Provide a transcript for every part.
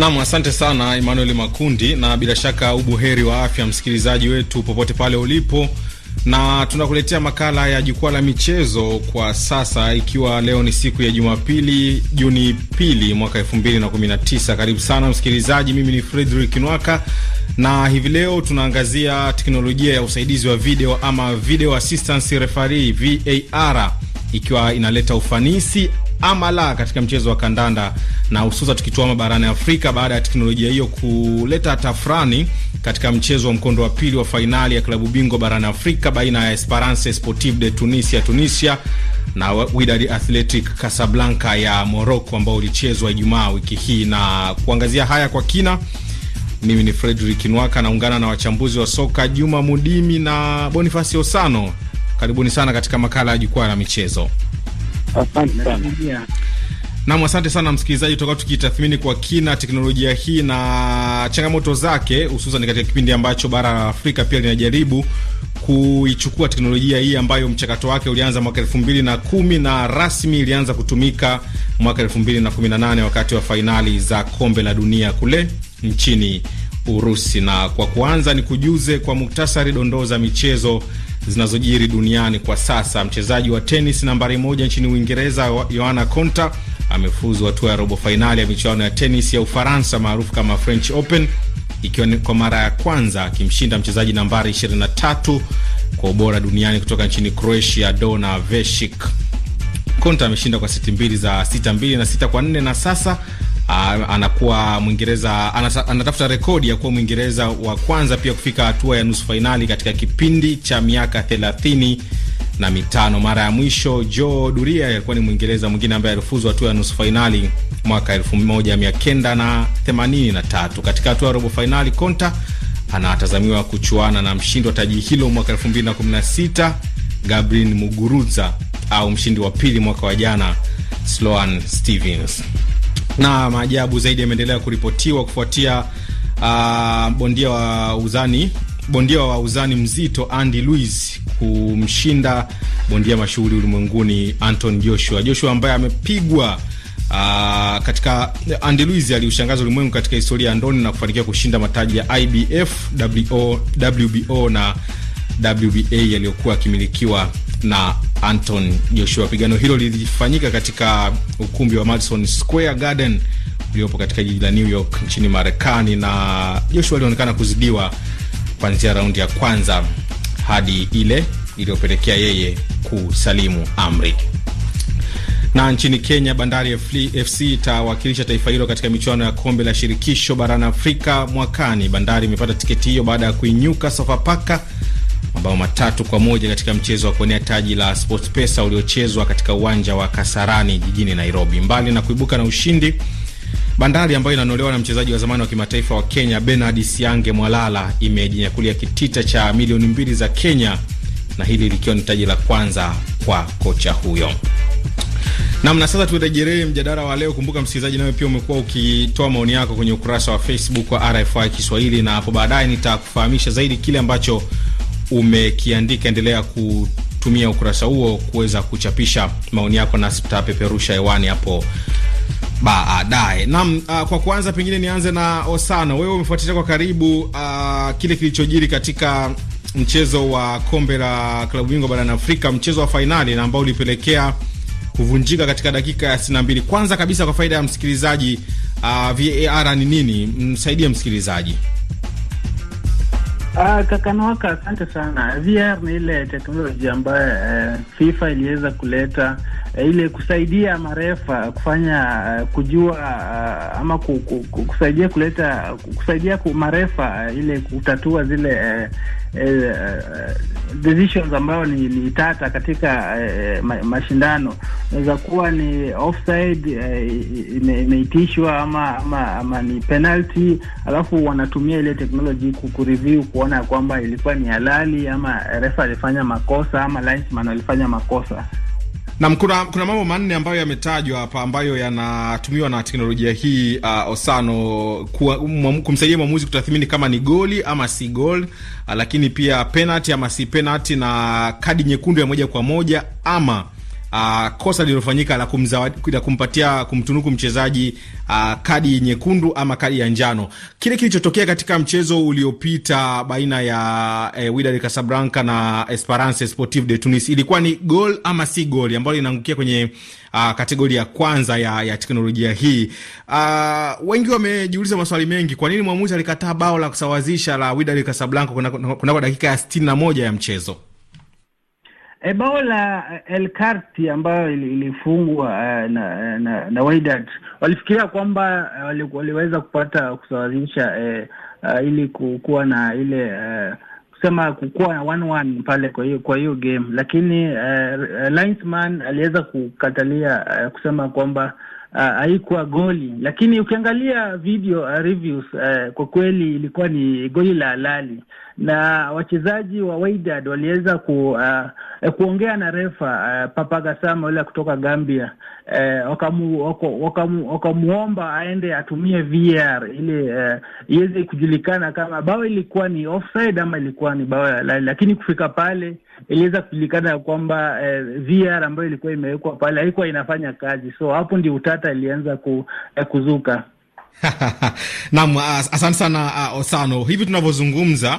Nam, asante sana Emmanuel Makundi, na bila shaka ubuheri wa afya msikilizaji wetu popote pale ulipo, na tunakuletea makala ya jukwaa la michezo kwa sasa, ikiwa leo ni siku ya Jumapili, Juni pili mwaka elfu mbili na kumi na tisa. Karibu sana msikilizaji, mimi ni Fredrick Nwaka na hivi leo tunaangazia teknolojia ya usaidizi wa video ama video assistance referee VAR ikiwa inaleta ufanisi ama la katika mchezo wa kandanda na hususa tukituama barani Afrika baada ya teknolojia hiyo kuleta tafrani katika mchezo wa mkondo wa pili wa fainali ya klabu bingwa barani Afrika baina ya Esperance Sportive de Tunisia Tunisia na Wydad Athletic Casablanca ya Morocco ambao ulichezwa Ijumaa wiki hii. Na kuangazia haya kwa kina, mimi ni Fredrick Nwaka, naungana na wachambuzi wa soka Juma Mudimi na Bonifasi Osano. Karibuni sana katika makala ya jukwaa la michezo. Asante sana. Nam, asante sana msikilizaji. Tutakuwa tukitathmini kwa kina teknolojia hii na changamoto zake, hususan katika kipindi ambacho bara la Afrika pia linajaribu kuichukua teknolojia hii ambayo mchakato wake ulianza mwaka elfu mbili na kumi na rasmi ilianza kutumika mwaka elfu mbili na kumi na nane wakati wa fainali za kombe la dunia kule nchini Urusi. Na kwa kuanza, ni kujuze kwa muktasari dondoo za michezo zinazojiri duniani kwa sasa. Mchezaji wa tenis nambari moja nchini Uingereza, Joanna Konta amefuzu hatua ya robo fainali ya michuano ya tenis ya Ufaransa maarufu kama French Open, ikiwa ni kwa mara ya kwanza akimshinda mchezaji nambari 23 kwa ubora duniani kutoka nchini Croatia, Dona Veshik. Konta ameshinda kwa seti mbili za 62 mbili na sita kwa na sasa anakuwa Mwingereza, anatafuta rekodi ya kuwa Mwingereza wa kwanza pia kufika hatua ya nusu fainali katika kipindi cha miaka thelathini na mitano. Mara ya mwisho Joe Duria alikuwa ni Mwingereza mwingine ambaye alifuzu hatua ya nusu fainali mwaka 1983. Katika hatua ya robo fainali, Konta anatazamiwa kuchuana na mshindi wa taji hilo mwaka 2016 Gabrin Muguruza au mshindi wa pili mwaka wa jana Sloan Stevens. Na maajabu zaidi yameendelea kuripotiwa kufuatia uh, bondia wa uzani bondia wa uzani mzito Andy luis kumshinda bondia mashuhuri ulimwenguni Anton Joshua. Joshua ambaye amepigwa Uh, katika Andy luis aliushangaza ulimwengu katika historia ya ndoni na kufanikiwa kushinda mataji ya IBF, WO, WBO na WBA yaliyokuwa akimilikiwa na Anton Joshua. Pigano hilo lilifanyika katika ukumbi wa Madison Square Garden uliopo katika jiji la New York nchini Marekani, na Joshua alionekana kuzidiwa kuanzia raundi ya kwanza hadi ile iliyopelekea yeye kusalimu amri. Na nchini Kenya, Bandari FC itawakilisha taifa hilo katika michuano ya kombe la shirikisho barani Afrika mwakani. Bandari imepata tiketi hiyo baada ya kuinyuka Sofapaka mabao matatu kwa moja katika mchezo wa kuonea taji la SportPesa uliochezwa katika uwanja wa Kasarani jijini Nairobi. Mbali na kuibuka na ushindi, Bandari ambayo inanolewa na mchezaji wa zamani wa kimataifa wa Kenya Bernard Siange Mwalala imejinyakulia kitita cha milioni mbili za Kenya, na hili likiwa ni taji la kwanza kwa kocha huyo. Namna sasa, turejelee mjadala wa leo. Kumbuka msikilizaji, nawe pia umekuwa ukitoa maoni yako kwenye ukurasa wa Facebook wa RFI Kiswahili, na hapo baadaye nitakufahamisha zaidi kile ambacho umekiandika. Endelea kutumia ukurasa huo kuweza kuchapisha maoni yako, nasi tutapeperusha hewani hapo baadaye. Naam, uh, kwa kwanza pengine nianze na Osano. Wewe umefuatilia kwa karibu uh, kile kilichojiri katika mchezo wa kombe la klabu bingwa barani Afrika, mchezo wa fainali na ambao ulipelekea kuvunjika katika dakika ya sb Kwanza kabisa, kwa faida ya msikilizaji, uh, ah, VAR ni nini? Msaidie msikilizaji. Ah, Kakanwaka, asante sana. VR ni ile teknoloji ambayo eh, FIFA iliweza kuleta eh, ile kusaidia marefa kufanya eh, kujua eh, ama ku, ku, ku, kusaidia kuleta kusaidia marefa eh, ile kutatua zile eh, eh, eh, decisions ambayo ni, ni tata katika eh, ma, mashindano inaweza kuwa ni offside eh, imeitishwa ama, ama ama ni penalty, alafu wanatumia ile teknoloji kureview kuona kwamba ilikuwa ni halali ama refa alifanya makosa ama linesman alifanya makosa. Nam, kuna, kuna mambo manne ambayo yametajwa hapa ambayo yanatumiwa na teknolojia hii uh, Osano kumsaidia mwamuzi kutathmini kama ni goli ama si gol, uh, lakini pia penalty ama si penalty na kadi nyekundu ya moja kwa moja ama uh, kosa lililofanyika la kumzawadi la kumpatia kumtunuku mchezaji uh, kadi nyekundu ama kadi ya njano, kile kilichotokea katika mchezo uliopita baina ya eh, Wydad Casablanca na Esperance Sportive de Tunis, ilikuwa ni goal ama si goal ambayo inaangukia kwenye uh, ah, kategoria ya kwanza ya, ya teknolojia hii. Uh, wengi wamejiuliza maswali mengi, kwa nini mwamuzi alikataa bao la kusawazisha la Wydad Casablanca kunako kuna dakika ya 61 ya mchezo? Ebola eh, El Karti ambayo ilifungwa eh, na, eh, na, na Wydad walifikiria kwamba waliweza kupata kusawazisha eh, uh, ili kuwa na ile uh, kusema kukuwa na one one pale kwa hiyo kwa hiyo game, lakini uh, linesman aliweza kukatalia uh, kusema kwamba Ah, haikuwa goli, lakini ukiangalia video uh, reviews uh, kwa kweli ilikuwa ni goli la halali, na wachezaji wa Wydad waliweza ku, uh, kuongea na refa uh, Papa Gassama yule kutoka Gambia uh, wakamu, wakamu, wakamuomba aende atumie VAR ili iweze kujulikana kama bao ilikuwa ni offside ama ilikuwa ni bao la halali, lakini kufika pale iliweza kujulikana ya kwamba eh, VR ambayo ilikuwa imewekwa pale haikuwa inafanya kazi, so hapo ndio utata ilianza ku, eh, kuzuka. Naam, asante sana uh, Osano. Hivi tunavyozungumza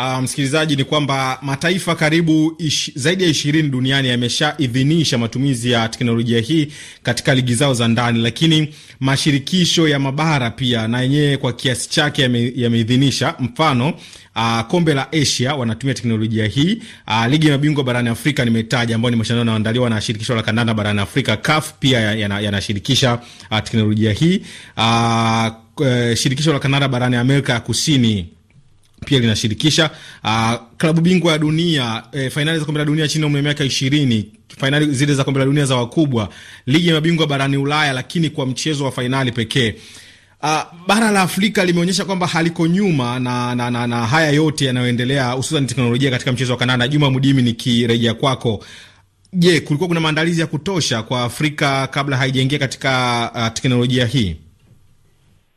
Uh, msikilizaji, ni kwamba mataifa karibu ish, zaidi ya ishirini duniani yameshaidhinisha matumizi ya teknolojia hii katika ligi zao za ndani, lakini mashirikisho ya mabara pia na yenyewe kwa kiasi chake yameidhinisha me, ya mfano Uh, kombe la Asia wanatumia teknolojia hii. Uh, ligi ya mabingwa barani Afrika nimetaja, ambayo ni mashindano yanaandaliwa na shirikisho la kandanda barani Afrika CAF, pia yanashirikisha ya, ya uh, teknolojia hii. Uh, uh, shirikisho la kandanda barani Amerika ya Kusini pia linashirikisha uh, klabu bingwa ya dunia eh, fainali za kombe la dunia chini ya umri wa miaka ishirini fainali zile za kombe la dunia za wakubwa, ligi ya mabingwa barani Ulaya, lakini kwa mchezo wa fainali pekee. Uh, bara la Afrika limeonyesha kwamba haliko nyuma na, na, na, na haya yote yanayoendelea, hususan teknolojia katika mchezo wa kananda. Juma Mudimi, nikirejea kwako, je, kulikuwa kuna maandalizi ya kutosha kwa Afrika kabla haijaingia katika uh, teknolojia hii?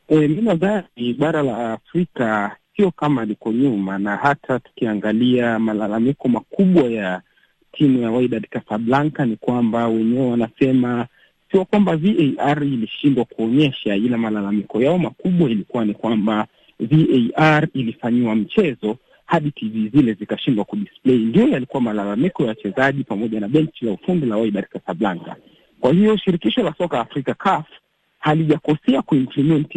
E, eh, mi nadhani bara la Afrika sio kama liko nyuma, na hata tukiangalia malalamiko makubwa ya timu ya Wydad Casablanca ni kwamba wenyewe wanasema sio kwamba VAR ilishindwa kuonyesha, ila malalamiko yao makubwa ilikuwa ni kwamba VAR ilifanyiwa mchezo hadi TV zile zikashindwa kudisplay. Ndio yalikuwa malalamiko ya wachezaji pamoja na benchi la ufundi la Wydad Casablanca. Kwa hiyo shirikisho la soka Afrika CAF halijakosea kuimplement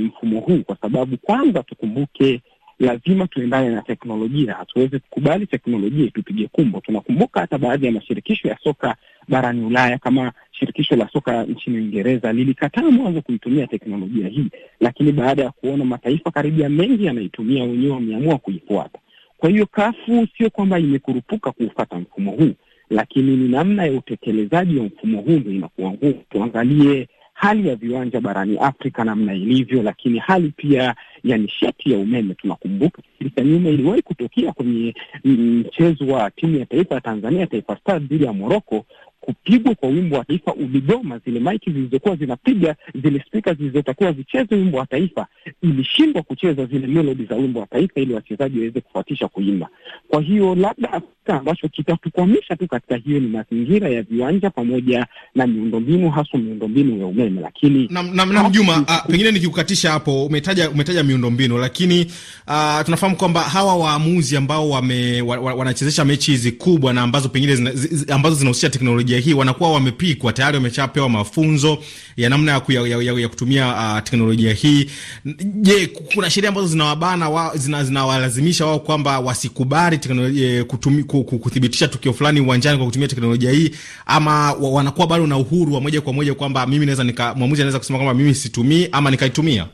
mfumo huu, kwa sababu kwanza tukumbuke lazima tuendane na teknolojia. Hatuwezi kukubali teknolojia itupige kumbo. Tunakumbuka hata baadhi ya mashirikisho ya soka barani Ulaya kama shirikisho la soka nchini Uingereza lilikataa mwanzo kuitumia teknolojia hii, lakini baada ya kuona mataifa karibia mengi yanaitumia, wenyewe wameamua kuifuata. Kwa hiyo kafu sio kwamba imekurupuka kuufata mfumo huu, lakini ni namna ya utekelezaji wa mfumo huu ndo inakuwa ngumu. Tuangalie hali ya viwanja barani Afrika namna ilivyo, lakini hali pia ya nishati ya umeme. Tunakumbuka kisa nyuma iliwahi kutokea kwenye mchezo wa timu ya taifa ya Tanzania, Taifa Stars dhidi ya moroko kupigwa kwa wimbo wa taifa uligoma. Zile maiki zilizokuwa zinapiga zile spika zilizotakiwa zicheze wimbo wa taifa ilishindwa kucheza zile melodi za wimbo wa taifa, ili wachezaji waweze kufuatisha kuimba. Kwa hiyo labda ambacho kitatukwamisha tu katika hiyo ni mazingira ya viwanja pamoja na miundombinu, hasa miundombinu ya umeme. Lakini na, na, na Juma, a, ah, pengine nikikukatisha hapo, umetaja umetaja miundombinu, lakini a, ah, tunafahamu kwamba hawa waamuzi ambao wame, wa, wa, wanachezesha mechi hizi kubwa na ambazo pengine zina, zi, ambazo zinahusisha teknolojia teknolojia hii wanakuwa wamepikwa tayari, wameshapewa mafunzo ya namna ya, ya, ya, ya kutumia uh, teknolojia hii. Je, kuna sheria ambazo zinawabana wa, zinawalazimisha wao kwamba wasikubali eh, kuthibitisha tukio fulani uwanjani kwa kutumia teknolojia hii, ama wanakuwa bado na uhuru wa moja kwa moja kwamba mimi naweza nika mwamuzi anaweza kusema kwamba mimi situmii ama nikaitumia?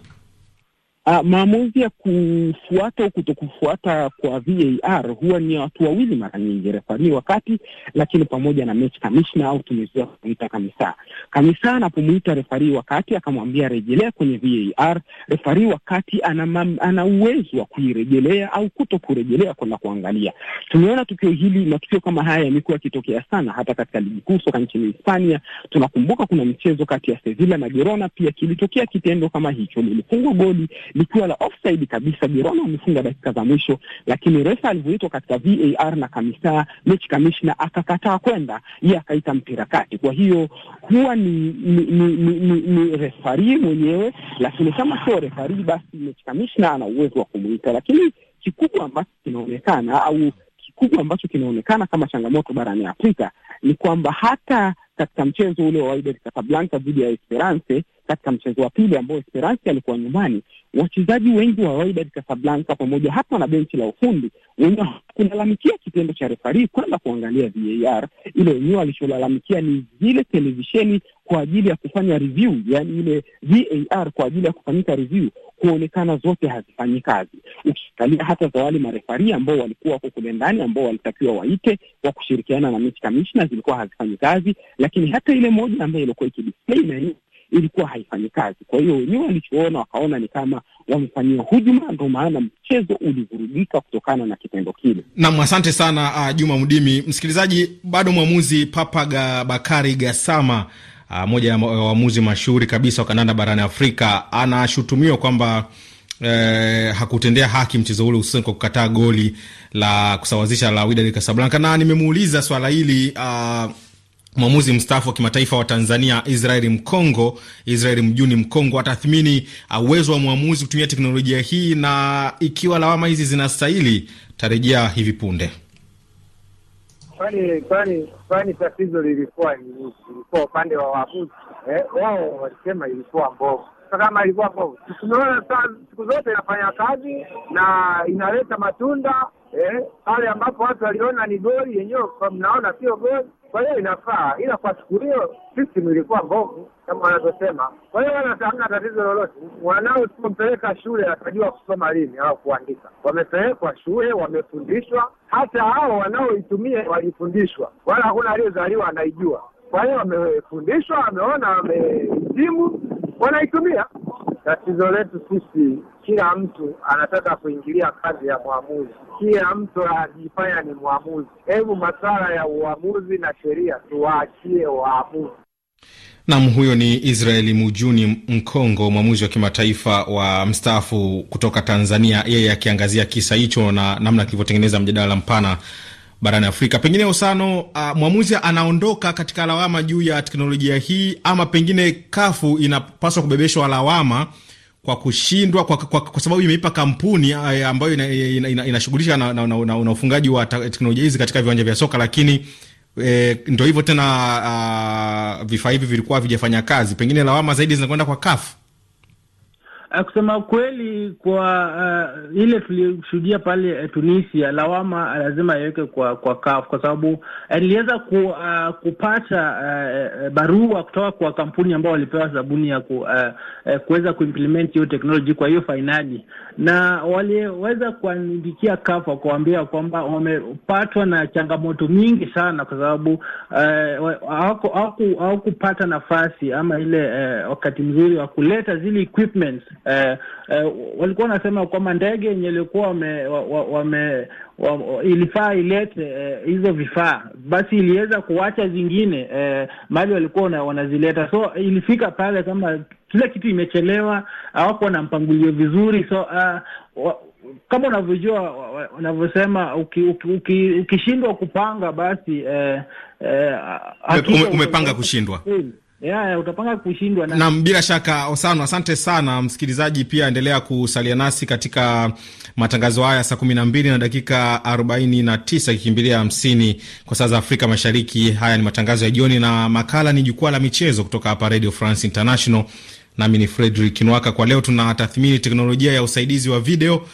Uh, maamuzi ya kufuata au kutokufuata kwa VAR huwa ni watu wawili mara nyingi, refa ni wakati lakini pamoja na mechi kamishna au tumezoea kumuita kamisa. Kamisa anapomuita refari wakati akamwambia rejelea kwenye VAR, refari wakati ana, ana uwezo wa kuirejelea au kuto kurejelea kwenda kuangalia. Tumeona tukio hili, matukio kama haya yamekuwa yakitokea sana hata katika ligi kuu soka nchini Hispania. Tunakumbuka kuna mchezo kati ya Sevilla na Girona, pia kilitokea kitendo kama hicho, lilifungwa goli likiwa la offside kabisa. Girona amefunga dakika za mwisho, lakini refa alivyoitwa katika VAR na kamisa mechi kamishna akakataa kwenda, yeye akaita mpira kati. Kwa hiyo huwa ni ni, ni, ni, ni refari mwenyewe, lakini kama sio refari, basi mechi kamishna ana uwezo wa kumuita, lakini kikubwa ambacho kinaonekana au kikubwa ambacho kinaonekana kama changamoto barani Afrika ni kwamba hata katika mchezo ule wa Wydad Casablanca dhidi ya Esperance, katika mchezo wa pili ambao Esperance alikuwa nyumbani, wachezaji wengi wa Wydad Casablanca pamoja hata na benchi la ufundi wenyewe kulalamikia kitendo cha refarii kwenda kuangalia VAR. Ile wenyewe walicholalamikia ni zile televisheni kwa ajili ya kufanya review, yani ile VAR kwa ajili ya kufanyika review kuonekana zote hazifanyi kazi. Ukiangalia hata za wale marefari ambao walikuwa wako kule ndani, ambao walitakiwa waite wa kushirikiana na mechi kamishna, zilikuwa hazifanyi kazi, lakini hata ile moja ambayo ilikuwa ikidisplay na hii ilikuwa haifanyi kazi. Kwa hiyo wenyewe walichoona wakaona ni kama wamefanyia hujuma, ndo maana mchezo ulivurugika kutokana na kitendo kile. Nam, asante sana uh, Juma Mdimi. Msikilizaji, bado mwamuzi Papa Ga Bakari Gasama uh, moja ya waamuzi mashuhuri kabisa wa kandanda barani Afrika, anashutumiwa kwamba Eh, hakutendea haki mchezo ule hususan kwa kukataa goli la kusawazisha la Wydad Casablanca, na nimemuuliza swala hili uh, mwamuzi mstaafu wa kimataifa wa Tanzania israel Mkongo, israel Mjuni Mkongo, atathmini ah, uwezo wa mwamuzi kutumia teknolojia hii na ikiwa lawama hizi zinastahili. Tarejea hivi punde kwani kwani kwani tatizo lilikuwa ni ilikuwa upande wa waaguzi eh, wao walisema ilikuwa mbovu. Kama ilikuwa mbovu, tumeona siku zote inafanya kazi na inaleta matunda eh, pale ambapo watu waliona ni goli yenyewe, mnaona sio goli kwa hiyo inafaa, ila kwa siku hiyo system ilikuwa mbovu kama wanavyosema. Kwa hiyo hamna tatizo lolote, mwanao tulimpeleka shule atajua kusoma lini au kuandika. Wamepelekwa shule, wamefundishwa, hata hao wanaoitumia walifundishwa, wala hakuna aliyezaliwa anaijua. Kwa hiyo wamefundishwa, wameona, wamehitimu, wanaitumia. Tatizo letu sisi kila mtu anataka kuingilia kazi ya mwamuzi, kila mtu anajifanya ni mwamuzi. Hebu masuala ya uamuzi na sheria tuwaachie waamuzi. Nam, huyo ni Israeli Mujuni Mkongo, mwamuzi wa kimataifa wa mstaafu kutoka Tanzania, yeye akiangazia kisa hicho na namna kilivyotengeneza mjadala mpana barani Afrika. Pengine Usano, uh, mwamuzi anaondoka katika lawama juu ya teknolojia hii, ama pengine kafu inapaswa kubebeshwa lawama kwa kushindwa kwa, kwa, kwa sababu imeipa kampuni eh, ambayo inashughulisha ina, ina, ina na, na, na, na ufungaji wa teknolojia hizi katika viwanja vya soka, lakini e, eh, ndo hivyo tena, ah, vifaa hivi vilikuwa havijafanya kazi. Pengine lawama zaidi zinakwenda kwa kafu Eh, kusema kweli kwa uh, ile tulishuhudia pale eh, Tunisia, lawama lazima iweke kwa kwa CAF kwa sababu niliweza ku, uh, kupata uh, barua kutoka kwa kampuni ambao walipewa sabuni ya ku, uh, uh, kuweza kuimplement hiyo teknoloji kwa hiyo fainali, na waliweza kuandikia CAF wakuambia kwamba wamepatwa na changamoto mingi sana kwa sababu hawakupata uh, nafasi ama ile uh, wakati mzuri wa kuleta zile equipments eh, eh, walikuwa wanasema kwamba ndege yenye ilikuwa wame, wame, wame, ilifaa ilete eh, hizo vifaa basi iliweza kuwacha zingine eh, mali walikuwa wanazileta, so ilifika pale kama kila kitu imechelewa, hawakuwa na mpangilio vizuri, so uh, wa, kama unavyojua unavyosema, ukishindwa uki, uki, uki kupanga basi eh, eh, ume, umepanga kushindwa Yeah, utapanga kushindwa na... bila shaka Osano, asante sana msikilizaji. Pia endelea kusalia nasi katika matangazo haya saa kumi na mbili na dakika arobaini na tisa ikikimbilia hamsini kwa saa za Afrika Mashariki. Haya ni matangazo ya jioni na makala ni jukwaa la michezo kutoka hapa Radio France International, nami ni fredrik Nwaka. Kwa leo tunatathmini teknolojia ya usaidizi wa video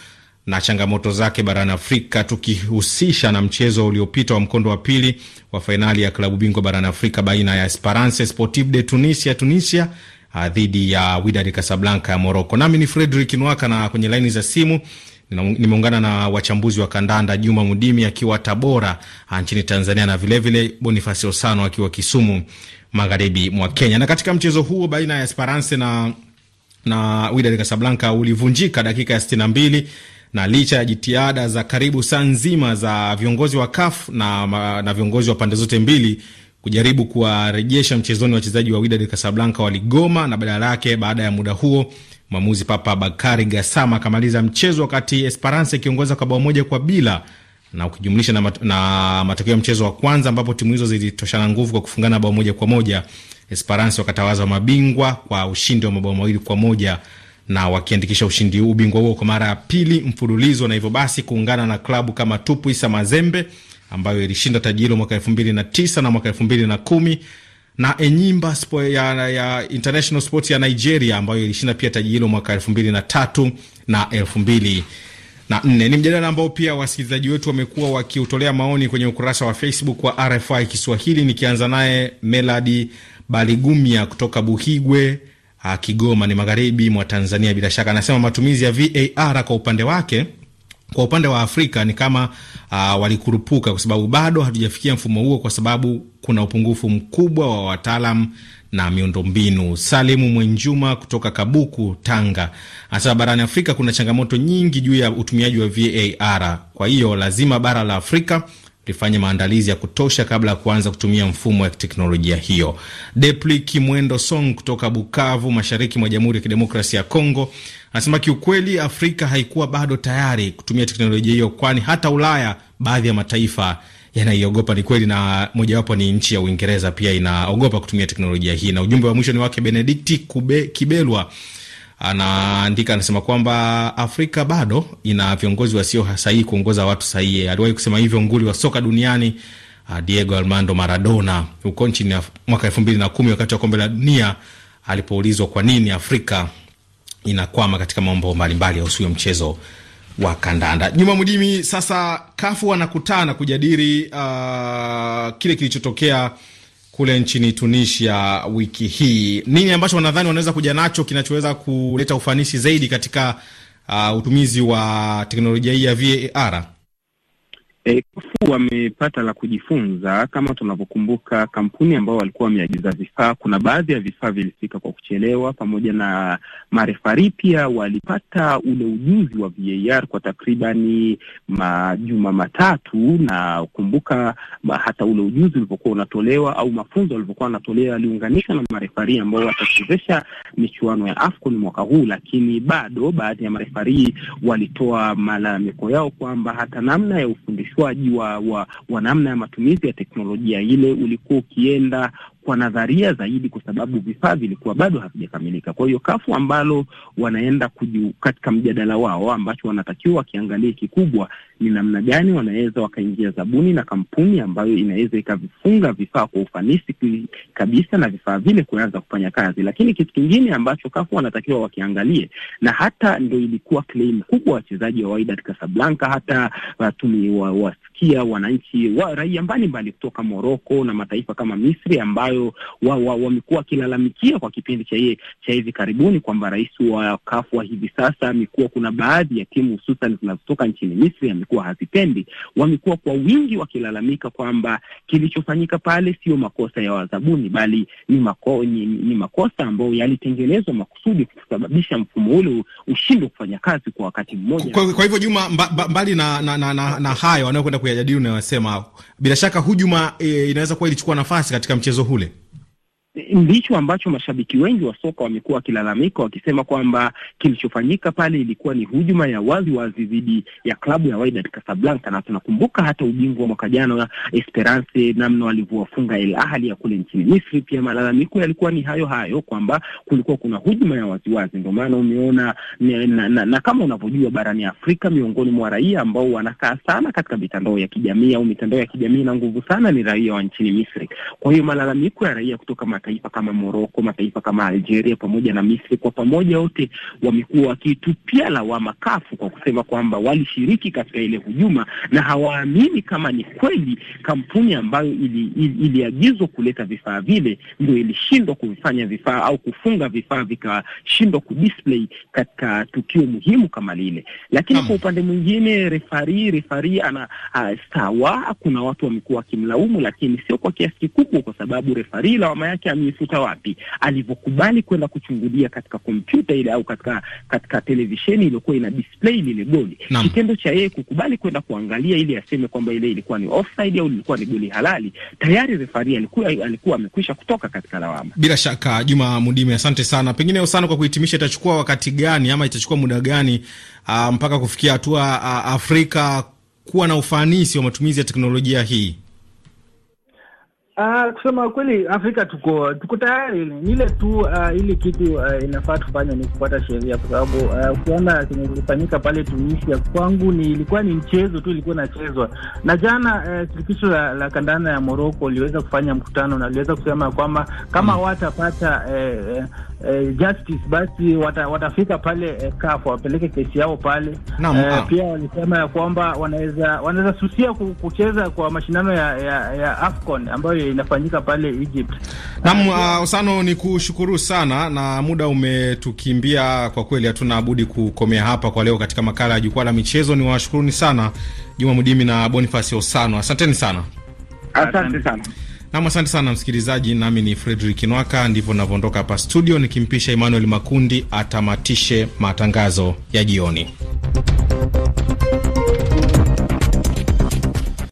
na changamoto zake barani Afrika, tukihusisha na mchezo uliopita wa mkondo wa pili wa fainali ya klabu bingwa barani Afrika baina ya Esperance Sportive de Tunisia Tunisia ah, dhidi ya Widad Casablanca ya Moroko. Nami ni Fredrick Nwaka, na kwenye laini za simu nimeungana na wachambuzi wa kandanda Juma Mudimi akiwa Tabora ah, nchini Tanzania na vilevile Bonifasi Osano akiwa Kisumu magharibi mwa Kenya. Na katika mchezo huo baina ya Esperance na na Widad Casablanca ulivunjika dakika ya sitini na mbili na licha ya jitihada za karibu saa nzima za viongozi wa CAF na, na viongozi wa pande zote mbili kujaribu kuwarejesha mchezoni wachezaji wa Wydad Casablanca waligoma, na badala yake, baada ya muda huo mwamuzi Papa Bakari Gasama akamaliza mchezo wakati Esperance ikiongoza kwa bao moja kwa bila na ukijumlisha na, mat na matokeo ya mchezo wa kwanza ambapo timu hizo zilitoshana nguvu kwa kufungana bao moja kwa moja, Esperance wakatawaza mabingwa kwa ushindi wa mabao mawili kwa moja na wakiandikisha ushindi huu ubingwa huo kwa mara ya pili mfululizo, na hivyo basi kuungana na klabu kama Tupu Isa Mazembe ambayo ilishinda taji hilo mwaka elfu mbili na tisa na mwaka elfu mbili na kumi na Enyimba spo ya, ya International Sport ya Nigeria ambayo ilishinda pia taji hilo mwaka elfu mbili na tatu na elfu mbili na nne. Ni mjadala ambao pia wasikilizaji wetu wamekuwa wakiutolea maoni kwenye ukurasa wa Facebook wa RFI Kiswahili, nikianza naye Meladi Baligumia kutoka Buhigwe Ah, Kigoma ni magharibi mwa Tanzania. Bila shaka, anasema matumizi ya VAR kwa upande wake kwa upande wa Afrika ni kama uh, walikurupuka kwa sababu bado hatujafikia mfumo huo, kwa sababu kuna upungufu mkubwa wa wataalam na miundombinu. Salimu Mwenjuma kutoka Kabuku, Tanga, anasema barani Afrika kuna changamoto nyingi juu ya utumiaji wa VAR. Kwa hiyo lazima bara la Afrika lifanye maandalizi ya kutosha kabla ya kuanza kutumia mfumo wa teknolojia hiyo. Depli Kimwendo Song kutoka Bukavu, mashariki mwa Jamhuri ya Kidemokrasia ya Kongo, anasema kiukweli, Afrika haikuwa bado tayari kutumia teknolojia hiyo, kwani hata Ulaya baadhi ya mataifa yanaiogopa. Ni kweli, na mojawapo ni nchi ya Uingereza pia inaogopa kutumia teknolojia hii. Na ujumbe wa mwisho ni wake Benedikti Kibelwa anaandika anasema kwamba Afrika bado ina viongozi wasio sahihi kuongoza watu sahihi. Aliwahi kusema hivyo nguli wa soka duniani ah, Diego Armando Maradona huko nchini mwaka elfu mbili na kumi wakati wa kombe la dunia alipoulizwa kwa nini Afrika inakwama katika mambo mbalimbali yahusuyo mchezo wa kandanda. Juma Mdimi, sasa kafu anakutana kujadili uh, kile kilichotokea kule nchini Tunisia wiki hii. Nini ambacho wanadhani wanaweza kuja nacho kinachoweza kuleta ufanisi zaidi katika uh, utumizi wa teknolojia hii ya VAR? E, eh, Fu wamepata la kujifunza. Kama tunavyokumbuka, kampuni ambao walikuwa wameagiza vifaa, kuna baadhi ya vifaa vilifika kwa kuchelewa, pamoja na marefari pia walipata ule ujuzi wa VAR kwa takribani majuma matatu, na kumbuka hata ule ujuzi ulipokuwa unatolewa au mafunzo walivyokuwa wanatolewa yaliunganishwa na marefari ambao watachezesha michuano ya AFCON mwaka huu, lakini bado baadhi ya marefari walitoa malalamiko yao kwamba hata namna ya ufundishwaji wa, wa, wa namna ya matumizi ya teknolojia ile ulikuwa ukienda kwa nadharia zaidi, kwa sababu vifaa vilikuwa bado havijakamilika. Kwa hiyo kafu ambalo wanaenda kuju katika mjadala wao, ambacho wanatakiwa wakiangalia kikubwa ni namna gani wanaweza wakaingia zabuni na kampuni ambayo inaweza ikavifunga vifaa kwa ufanisi kabisa na vifaa vile kuanza kufanya kazi. Lakini kitu kingine ambacho kafu wanatakiwa wakiangalie, na hata ndo ilikuwa claim kubwa wachezaji wa Wydad Casablanca, hata wa, wasikia wananchi wa raia mbalimbali kutoka moroko na mataifa kama Misri ambayo ambayo wamekuwa wa, wakilalamikia kwa kipindi cha cha hivi karibuni kwamba rais wa kafu wa hivi sasa amekuwa, kuna baadhi ya timu hususan zinazotoka nchini Misri amekuwa hazipendi, wamekuwa kwa wingi wakilalamika kwamba kilichofanyika pale sio makosa ya wazabuni, bali ni, mako, ni, ni makosa ambayo yalitengenezwa makusudi kusababisha mfumo ule ushindwe kufanya kazi kwa wakati mmoja. Kwa, kwa hivyo Juma, mba, mba, mbali na, na, na, na, na hayo wanayokwenda kuyajadili unayosema, bila shaka hujuma e, inaweza kuwa ilichukua nafasi katika mchezo hule ndicho ambacho mashabiki wengi wa soka wamekuwa wakilalamika wakisema kwamba kilichofanyika pale ilikuwa ni hujuma ya wazi wazi dhidi ya klabu ya Wydad Casablanca, na tunakumbuka hata ubingwa wa mwaka jana Esperance, namna walivyowafunga El Ahli ya kule nchini Misri. Pia malalamiko yalikuwa ni hayo hayo, kwamba kulikuwa kuna hujuma ya waziwazi. Ndio maana umeona na, na, na, na kama unavyojua barani Afrika, miongoni mwa raia ambao wanakaa sana katika mitandao ya kijamii au mitandao ya kijamii na nguvu sana ni raia wa nchini Misri. Kwa hiyo malalamiko ya raia kutoka mataifa kama Moroko, mataifa kama Algeria pamoja na Misri, kwa pamoja wote wamekuwa wakitupia lawama kafu kwa kusema kwamba walishiriki katika ile hujuma na hawaamini kama ni kweli kampuni ambayo iliagizwa ili, ili kuleta vifaa vile ndio ilishindwa kuvifanya vifaa au kufunga vifaa vikashindwa kudisplay katika tukio muhimu kama lile. Lakini kwa upande mwingine refari refari ana a, sawa, kuna watu wamekuwa wakimlaumu, lakini sio kwa kiasi kikubwa, kwa sababu refari lawama yake ameifuta wapi, alivyokubali kwenda kuchungulia katika kompyuta ile au katika katika televisheni iliyokuwa ina display lile goli. Kitendo cha yeye kukubali kwenda kuangalia ili aseme kwamba ile ilikuwa ni offside au ilikuwa ni goli halali, tayari refari alikuwa alikuwa amekwisha kutoka katika lawama. Bila shaka, Juma Mudime, asante sana. Pengine sana kwa kuhitimisha, itachukua wakati gani ama itachukua muda gani ah, mpaka kufikia hatua ah, Afrika kuwa na ufanisi wa matumizi ya teknolojia hii? Uh, kusema kweli Afrika tuko tuko tayari, ile tu uh, ah, ili kitu uh, inafaa tufanye ni kufuata sheria, kwa sababu ukiona kenye kilifanyika pale Tunisia kwangu ni ilikuwa ni mchezo tu, ilikuwa inachezwa na jana. Eh, shirikisho la, la kandanda ya Morocco liweza kufanya mkutano na liweza kusema kwamba kama mm. watapata uh, uh, eh, justice basi wata, watafika pale eh, kafu wapeleke kesi yao pale eh, pia walisema ya kwamba wanaweza wanaweza susia kucheza kwa mashindano ya, ya, ya AFCON ambayo inafanyika pale Egypt. Naam, uh, Osano ni kushukuru sana na muda umetukimbia kwa kweli, hatuna budi kukomea hapa kwa leo katika makala ya jukwaa la michezo. Ni washukuruni sana Juma Mdimi na bonifasi Osano, asanteni sana, asante sana. Nam, asante sana msikilizaji, nami ni Fredrik Nwaka. Ndivyo navyoondoka hapa studio, nikimpisha Emmanuel Makundi atamatishe matangazo ya jioni.